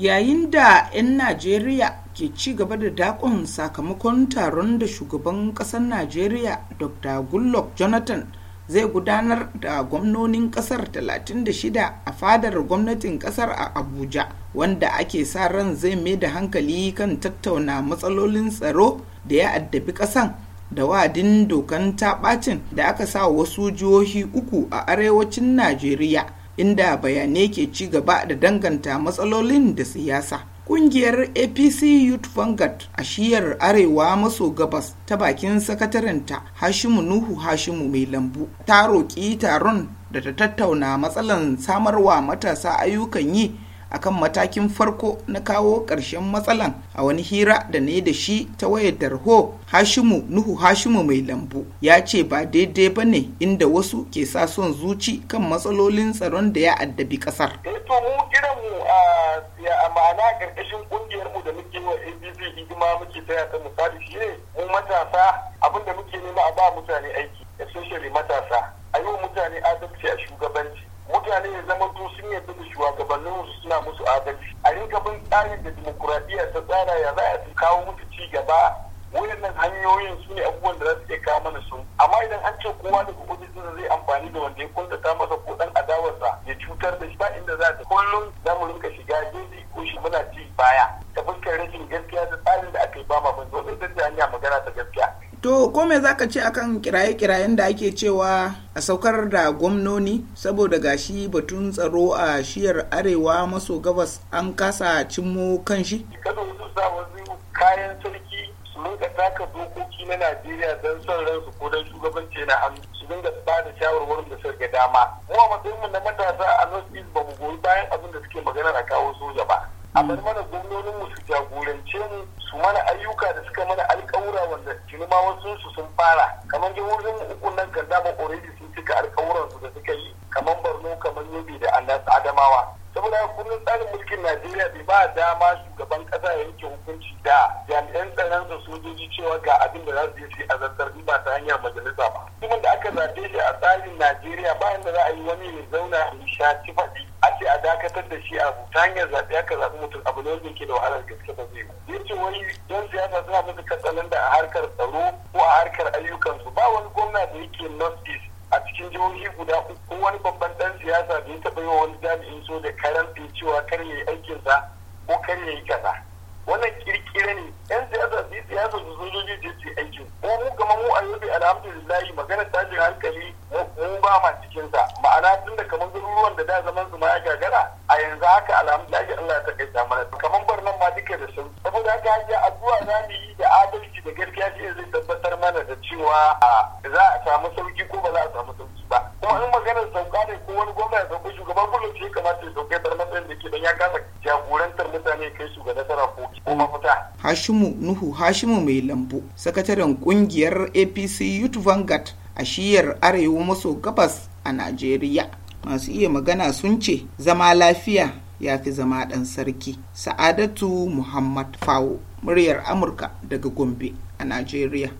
yayin da 'yan najeriya ke ci gaba da dakon sakamakon taron da shugaban kasar najeriya dr goodluck jonathan zai gudanar da gwamnonin kasar 36 a fadar gwamnatin kasar a abuja wanda ake sa ran zai mai da hankali kan tattauna matsalolin tsaro da ya addabi kasan da wa'adin dokan ta da aka sa wasu jihohi uku a arewacin najeriya inda bayanai ke ci gaba da danganta matsalolin da siyasa. Kungiyar APC Youth Vanguard a shiyar Arewa maso gabas ta bakin sakatarinta Hashimu Nuhu Hashimu mai lambu ta roƙi taron da ta tattauna matsalan samarwa matasa ayyukan yi akan matakin farko na kawo ƙarshen matsalan a wani hira da ne da shi ta wayar tarho hashimu nuhu hashimu mai lambu ya ce ba daidai ba ne inda wasu ke sa son zuci kan matsalolin tsaron da ya addabi ƙasar. Eh, to mu kiranmu a ah, ma'ana ƙarƙashin ƙungiyarmu da muke wa abc hidima muke taya ta misali shi mu matasa abin da muke nema a ba mutane aiki musu adalci a rinka bin tsarin da dimokuraɗiyya ta tsara ya za a kawo musu ci gaba wayannan hanyoyin su ne abubuwan da za su iya kawo mana su amma idan an ce kowa da ubangijin zai amfani da wanda ya ta masa ko dan adawarsa ya cutar da shi ba inda za ta kullum za mu rinka shiga jeji ko shi muna ci baya ta fuskar rashin gaskiya da tsarin da aka yi ba ma ban zo da hanya magana ta gaskiya To ko me za ka ce akan kiraye-kirayen da ake cewa a saukar da gwamnoni saboda gashi batun tsaro a shiyar arewa maso gabas an kasa cimmo kan shi? Kada wasu sa kayan sarki su dinga taka dokoki na Najeriya don son ransu ko don shugabanci na hannu su dinga ba da shawarwarin da sarki dama. Mu a mu na matasa a North East ba mu goyi bayan abin da suke magana a kawo soja ba. A mana su jagorance mu su mana ayyuka da suka mana alƙawura wanda tuni ma wasu su sun fara kamar jihohin uku nan kan dama already sun cika alƙawuran su da suka yi kamar Borno kamar Yobe da Adamawa saboda kullum tsarin mulkin Najeriya bai ba dama shugaban ƙasa ya yanke hukunci da jami'an tsaron da sojoji cewa ga abin da za su yi a zartar ba ta hanyar majalisa ba. Mutumin da aka zaɓe shi a tsarin Najeriya bayan da za a yi wani ya zauna a sha ci faɗi a dakatar da shi abu ta hanyar zaɓe aka zaɓi mutum abu ne wanda ke da wahalar gaske ba zai yi yace wani yan siyasa suna masa katsalan da a harkar tsaro ko a harkar ayyukansu ba wani gwamna da yake north a cikin jihohi guda uku wani babban dan siyasa da ya taɓa yi wa wani jami'in so da karamfe cewa kar ya yi aikinsa ko kar ya yi kaza wannan kirkira ne yan siyasa su yi siyasa su sojoji da su aikin ko mu gama mu a yobe magana maganar tashin hankali ba cikinsa ma'ana tun da kamar garuruwan da da zaman su ma ya gagara a yanzu haka ake Allah ya takaita mana kamar barnan ma duka da sun saboda haka hajji addu'a za mu yi da adalci da gaskiya shi zai tabbatar mana da cewa za a samu sauki ko ba za a samu sauki ba kuma in maganar sauka ne ko wani gwamna ya sauka shugaban kullum shi kamata ya sauka bar matsayin da ke dan ya kasa jagorantar mutane kai su ga nasara ko ko mafita Hashimu Nuhu Hashimu mai lambu sakataren kungiyar APC Youth Vanguard a shiyar arewa maso gabas a Najeriya. Masu iya magana sun ce zama lafiya ya fi zama ɗan sarki. Sa'adatu Muhammad Fawo, muryar Amurka daga Gombe a Najeriya.